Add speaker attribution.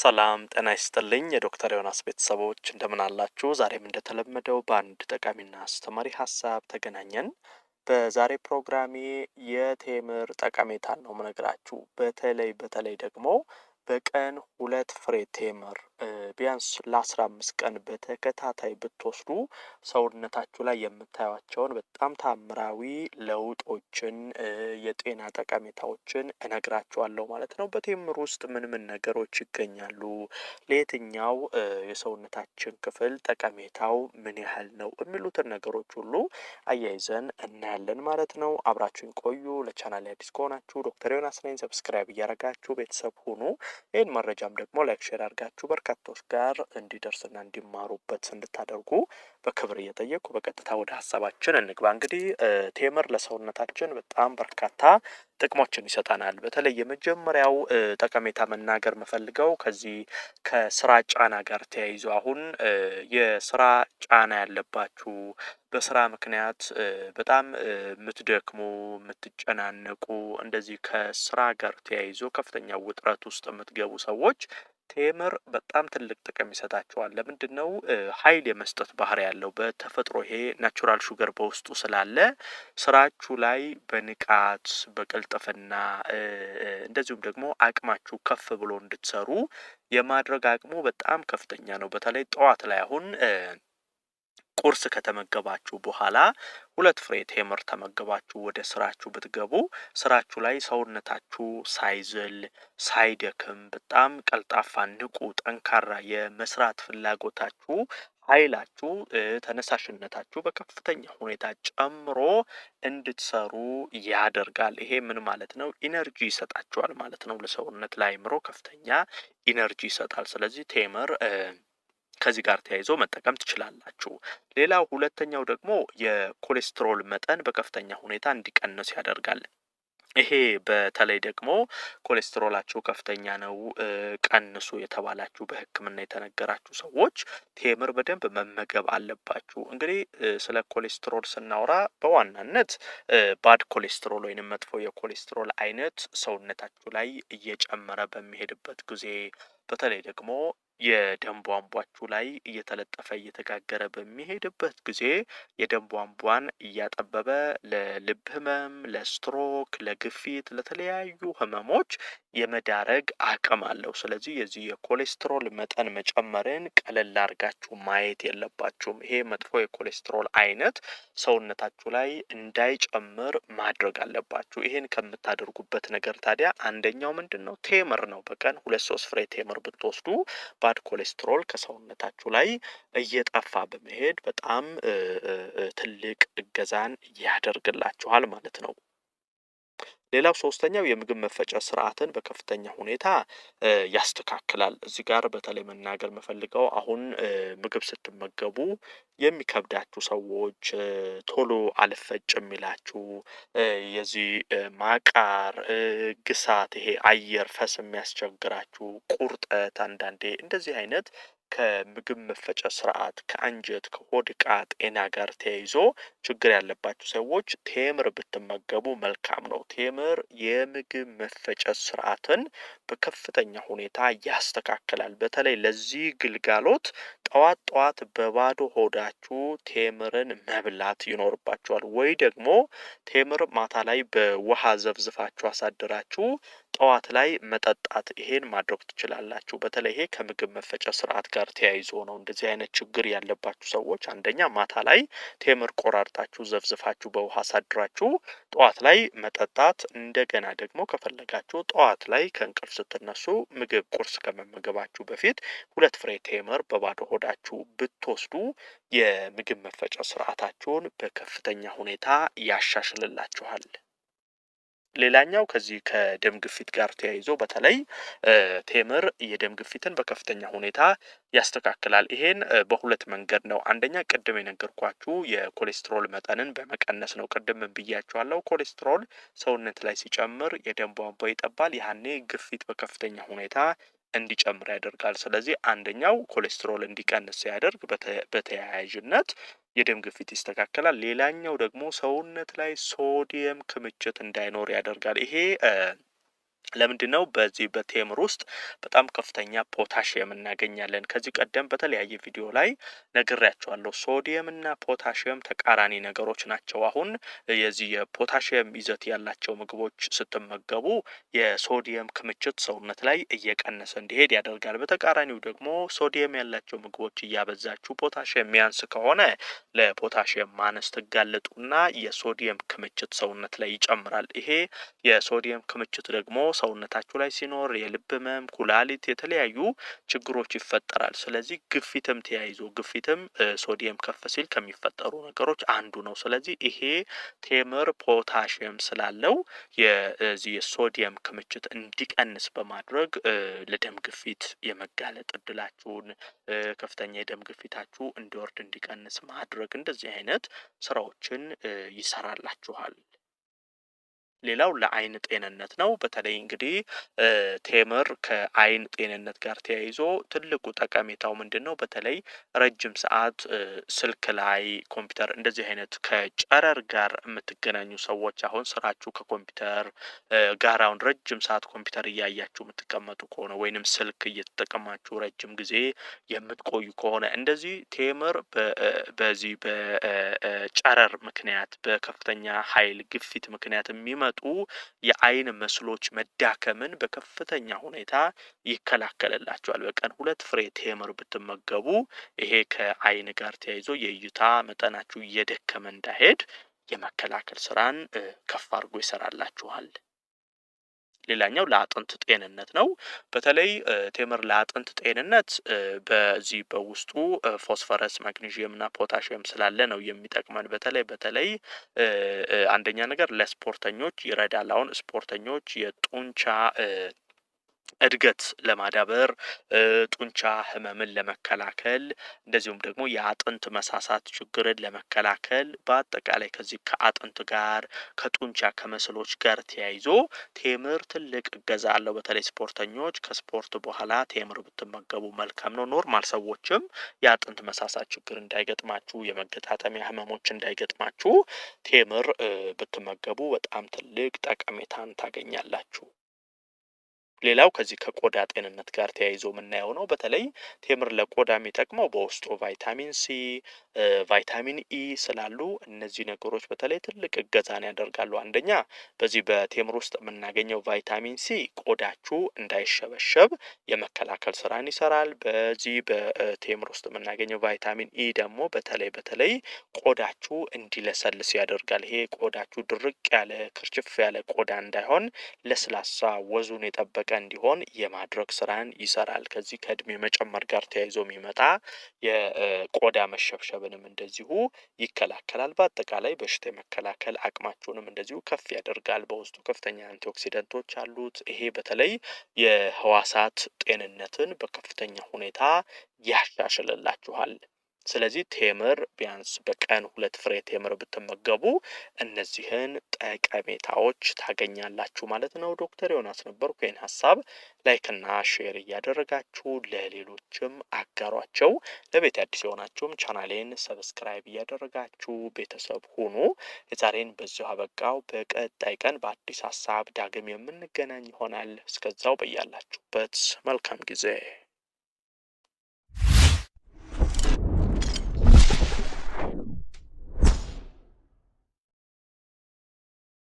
Speaker 1: ሰላም ጤና ይስጥልኝ የዶክተር ዮናስ ቤተሰቦች እንደምን አላችሁ? ዛሬም እንደተለመደው በአንድ ጠቃሚና አስተማሪ ሀሳብ ተገናኘን። በዛሬ ፕሮግራሜ የቴምር ጠቀሜታን ነው ምነግራችሁ። በተለይ በተለይ ደግሞ በቀን ሁለት ፍሬ ቴምር ቢያንስ ለአስራ አምስት ቀን በተከታታይ ብትወስዱ ሰውነታችሁ ላይ የምታዩቸውን በጣም ታምራዊ ለውጦችን የጤና ጠቀሜታዎችን እነግራችኋለሁ ማለት ነው። በቴምር ውስጥ ምን ምን ነገሮች ይገኛሉ፣ ለየትኛው የሰውነታችን ክፍል ጠቀሜታው ምን ያህል ነው የሚሉትን ነገሮች ሁሉ አያይዘን እናያለን ማለት ነው። አብራችሁን ቆዩ። ለቻናል አዲስ ከሆናችሁ ዶክተር ዮናስ ነኝ። ሰብስክራይብ እያረጋችሁ ቤተሰብ ሁኑ። ይህን መረጃም ደግሞ ላይክ ሼር በርካ በርካቶች ጋር እንዲደርስና እንዲማሩበት እንድታደርጉ በክብር እየጠየቁ በቀጥታ ወደ ሀሳባችን እንግባ። እንግዲህ ቴምር ለሰውነታችን በጣም በርካታ ጥቅሞችን ይሰጠናል። በተለይ የመጀመሪያው ጠቀሜታ መናገር ምፈልገው ከዚህ ከስራ ጫና ጋር ተያይዞ አሁን የስራ ጫና ያለባችሁ በስራ ምክንያት በጣም የምትደክሙ የምትጨናነቁ፣ እንደዚህ ከስራ ጋር ተያይዞ ከፍተኛ ውጥረት ውስጥ የምትገቡ ሰዎች ቴምር በጣም ትልቅ ጥቅም ይሰጣቸዋል። ለምንድን ነው ኃይል የመስጠት ባህሪ ያለው በተፈጥሮ ይሄ ናቹራል ሹገር በውስጡ ስላለ ስራችሁ ላይ በንቃት በቅልጥፍና እንደዚሁም ደግሞ አቅማችሁ ከፍ ብሎ እንድትሰሩ የማድረግ አቅሙ በጣም ከፍተኛ ነው። በተለይ ጠዋት ላይ አሁን ቁርስ ከተመገባችሁ በኋላ ሁለት ፍሬ ቴምር ተመገባችሁ ወደ ስራችሁ ብትገቡ ስራችሁ ላይ ሰውነታችሁ ሳይዝል ሳይደክም በጣም ቀልጣፋ፣ ንቁ፣ ጠንካራ የመስራት ፍላጎታችሁ ኃይላችሁ ተነሳሽነታችሁ በከፍተኛ ሁኔታ ጨምሮ እንድትሰሩ ያደርጋል። ይሄ ምን ማለት ነው? ኢነርጂ ይሰጣችኋል ማለት ነው። ለሰውነት ምሮ ከፍተኛ ኢነርጂ ይሰጣል። ስለዚህ ቴምር ከዚህ ጋር ተያይዞ መጠቀም ትችላላችሁ። ሌላው ሁለተኛው ደግሞ የኮሌስትሮል መጠን በከፍተኛ ሁኔታ እንዲቀንስ ያደርጋል። ይሄ በተለይ ደግሞ ኮሌስትሮላችሁ ከፍተኛ ነው ቀንሱ የተባላችሁ በሕክምና የተነገራችሁ ሰዎች ቴምር በደንብ መመገብ አለባችሁ። እንግዲህ ስለ ኮሌስትሮል ስናወራ በዋናነት ባድ ኮሌስትሮል ወይንም መጥፎ የኮሌስትሮል አይነት ሰውነታችሁ ላይ እየጨመረ በሚሄድበት ጊዜ በተለይ ደግሞ የደም ቧንቧችሁ ላይ እየተለጠፈ እየተጋገረ በሚሄድበት ጊዜ የደም ቧንቧን እያጠበበ ለልብ ህመም፣ ለስትሮክ፣ ለግፊት፣ ለተለያዩ ህመሞች የመዳረግ አቅም አለው። ስለዚህ የዚህ የኮሌስትሮል መጠን መጨመርን ቀለል አድርጋችሁ ማየት የለባችሁም። ይሄ መጥፎ የኮሌስትሮል አይነት ሰውነታችሁ ላይ እንዳይጨምር ማድረግ አለባችሁ። ይሄን ከምታደርጉበት ነገር ታዲያ አንደኛው ምንድን ነው? ቴምር ነው። በቀን ሁለት ሶስት ፍሬ ቴምር ብትወስዱ ከባድ ኮሌስትሮል ከሰውነታችሁ ላይ እየጠፋ በመሄድ በጣም ትልቅ እገዛን ያደርግላችኋል ማለት ነው። ሌላው ሶስተኛው የምግብ መፈጨ ስርዓትን በከፍተኛ ሁኔታ ያስተካክላል። እዚህ ጋር በተለይ መናገር መፈልገው አሁን ምግብ ስትመገቡ የሚከብዳችሁ ሰዎች፣ ቶሎ አልፈጭ የሚላችሁ የዚህ ማቃር፣ ግሳት፣ ይሄ አየር ፈስ የሚያስቸግራችሁ፣ ቁርጠት፣ አንዳንዴ እንደዚህ አይነት ከምግብ መፈጨ ስርዓት ከአንጀት ከሆድ ዕቃ ጤና ጋር ተያይዞ ችግር ያለባቸው ሰዎች ቴምር ብትመገቡ መልካም ነው። ቴምር የምግብ መፈጨት ስርዓትን በከፍተኛ ሁኔታ ያስተካክላል። በተለይ ለዚህ ግልጋሎት ጠዋት ጠዋት በባዶ ሆዳችሁ ቴምርን መብላት ይኖርባችኋል። ወይ ደግሞ ቴምር ማታ ላይ በውሃ ዘብዝፋችሁ አሳድራችሁ ጠዋት ላይ መጠጣት ይሄን ማድረግ ትችላላችሁ። በተለይ ይሄ ከምግብ መፈጨ ስርዓት ጋር ተያይዞ ነው። እንደዚህ አይነት ችግር ያለባችሁ ሰዎች አንደኛ ማታ ላይ ቴምር ቆራርጣችሁ ዘፍዝፋችሁ በውሃ አሳድራችሁ ጠዋት ላይ መጠጣት፣ እንደገና ደግሞ ከፈለጋችሁ ጠዋት ላይ ከእንቅልፍ ስትነሱ ምግብ ቁርስ ከመመገባችሁ በፊት ሁለት ፍሬ ቴምር በባዶ ሆዳችሁ ብትወስዱ የምግብ መፈጨ ስርዓታችሁን በከፍተኛ ሁኔታ ያሻሽልላችኋል። ሌላኛው ከዚህ ከደም ግፊት ጋር ተያይዞ በተለይ ቴምር የደም ግፊትን በከፍተኛ ሁኔታ ያስተካክላል። ይሄን በሁለት መንገድ ነው። አንደኛ ቅድም የነገርኳችሁ የኮሌስትሮል መጠንን በመቀነስ ነው። ቅድም ብያችኋለሁ። ኮሌስትሮል ሰውነት ላይ ሲጨምር የደም ቧንቧ ይጠባል። ያኔ ግፊት በከፍተኛ ሁኔታ እንዲጨምር ያደርጋል። ስለዚህ አንደኛው ኮሌስትሮል እንዲቀንስ ሲያደርግ በተያያዥነት የደም ግፊት ይስተካከላል። ሌላኛው ደግሞ ሰውነት ላይ ሶዲየም ክምችት እንዳይኖር ያደርጋል። ይሄ ለምንድን ነው በዚህ በቴምር ውስጥ በጣም ከፍተኛ ፖታሽየም እናገኛለን? ከዚህ ቀደም በተለያየ ቪዲዮ ላይ ነግሬያቸዋለሁ። ሶዲየም እና ፖታሽየም ተቃራኒ ነገሮች ናቸው። አሁን የዚህ የፖታሽየም ይዘት ያላቸው ምግቦች ስትመገቡ የሶዲየም ክምችት ሰውነት ላይ እየቀነሰ እንዲሄድ ያደርጋል። በተቃራኒው ደግሞ ሶዲየም ያላቸው ምግቦች እያበዛችሁ ፖታሽየም የሚያንስ ከሆነ ለፖታሽየም ማነስ ትጋለጡና የሶዲየም ክምችት ሰውነት ላይ ይጨምራል። ይሄ የሶዲየም ክምችት ደግሞ ሰውነታችሁ ላይ ሲኖር የልብ ህመም፣ ኩላሊት፣ የተለያዩ ችግሮች ይፈጠራል። ስለዚህ ግፊትም ተያይዞ ግፊትም ሶዲየም ከፍ ሲል ከሚፈጠሩ ነገሮች አንዱ ነው። ስለዚህ ይሄ ቴምር ፖታሽየም ስላለው የዚህ የሶዲየም ክምችት እንዲቀንስ በማድረግ ለደም ግፊት የመጋለጥ እድላችሁን ከፍተኛ የደም ግፊታችሁ እንዲወርድ እንዲቀንስ ማድረግ እንደዚህ አይነት ስራዎችን ይሰራላችኋል። ሌላው ለአይን ጤንነት ነው። በተለይ እንግዲህ ቴምር ከአይን ጤንነት ጋር ተያይዞ ትልቁ ጠቀሜታው ምንድን ነው? በተለይ ረጅም ሰዓት ስልክ ላይ ኮምፒውተር፣ እንደዚህ አይነት ከጨረር ጋር የምትገናኙ ሰዎች አሁን ስራችሁ ከኮምፒውተር ጋር አሁን ረጅም ሰዓት ኮምፒውተር እያያችሁ የምትቀመጡ ከሆነ ወይንም ስልክ እየተጠቀማችሁ ረጅም ጊዜ የምትቆዩ ከሆነ እንደዚህ ቴምር በዚህ በጨረር ምክንያት በከፍተኛ ኃይል ግፊት ምክንያት የሚመ የሚሰጡ የአይን ምስሎች መዳከምን በከፍተኛ ሁኔታ ይከላከልላቸዋል። በቀን ሁለት ፍሬ ቴምር ብትመገቡ ይሄ ከአይን ጋር ተያይዞ የእይታ መጠናችሁ እየደከመ እንዳይሄድ የመከላከል ስራን ከፍ አድርጎ ይሰራላችኋል። ሌላኛው ለአጥንት ጤንነት ነው። በተለይ ቴምር ለአጥንት ጤንነት በዚህ በውስጡ ፎስፈረስ፣ ማግኔዥየምና ፖታሽየም ስላለ ነው የሚጠቅመን። በተለይ በተለይ አንደኛ ነገር ለስፖርተኞች ይረዳል። አሁን ስፖርተኞች የጡንቻ እድገት ለማዳበር ጡንቻ ህመምን ለመከላከል እንደዚሁም ደግሞ የአጥንት መሳሳት ችግርን ለመከላከል በአጠቃላይ ከዚህ ከአጥንት ጋር ከጡንቻ ከመስሎች ጋር ተያይዞ ቴምር ትልቅ እገዛ አለው። በተለይ ስፖርተኞች ከስፖርት በኋላ ቴምር ብትመገቡ መልካም ነው። ኖርማል ሰዎችም የአጥንት መሳሳት ችግር እንዳይገጥማችሁ፣ የመገጣጠሚያ ህመሞች እንዳይገጥማችሁ ቴምር ብትመገቡ በጣም ትልቅ ጠቀሜታን ታገኛላችሁ። ሌላው ከዚህ ከቆዳ ጤንነት ጋር ተያይዞ የምናየው ነው። በተለይ ቴምር ለቆዳ የሚጠቅመው በውስጡ ቫይታሚን ሲ፣ ቫይታሚን ኢ ስላሉ እነዚህ ነገሮች በተለይ ትልቅ እገዛን ያደርጋሉ። አንደኛ በዚህ በቴምር ውስጥ የምናገኘው ቫይታሚን ሲ ቆዳችሁ እንዳይሸበሸብ የመከላከል ስራን ይሰራል። በዚህ በቴምር ውስጥ የምናገኘው ቫይታሚን ኢ ደግሞ በተለይ በተለይ ቆዳችሁ እንዲለሰልስ ያደርጋል። ይሄ ቆዳችሁ ድርቅ ያለ ክርችፍ ያለ ቆዳ እንዳይሆን ለስላሳ ወዙን የጠበቀ የጠበቀ እንዲሆን የማድረግ ስራን ይሰራል። ከዚህ ከእድሜ መጨመር ጋር ተያይዞ የሚመጣ የቆዳ መሸብሸብንም እንደዚሁ ይከላከላል። በአጠቃላይ በሽታ የመከላከል አቅማችሁንም እንደዚሁ ከፍ ያደርጋል። በውስጡ ከፍተኛ አንቲኦክሲደንቶች አሉት። ይሄ በተለይ የህዋሳት ጤንነትን በከፍተኛ ሁኔታ ያሻሽልላችኋል። ስለዚህ ቴምር ቢያንስ በቀን ሁለት ፍሬ ቴምር ብትመገቡ እነዚህን ጠቀሜታዎች ታገኛላችሁ ማለት ነው። ዶክተር ዮናስ ነበርኩ። ይህን ሀሳብ ላይክና ሼር እያደረጋችሁ ለሌሎችም አጋሯቸው። ለቤት አዲስ የሆናችሁም ቻናሌን ሰብስክራይብ እያደረጋችሁ ቤተሰብ ሁኑ። የዛሬን በዚሁ አበቃው። በቀጣይ ቀን በአዲስ ሀሳብ ዳግም የምንገናኝ ይሆናል። እስከዛው በያላችሁበት መልካም ጊዜ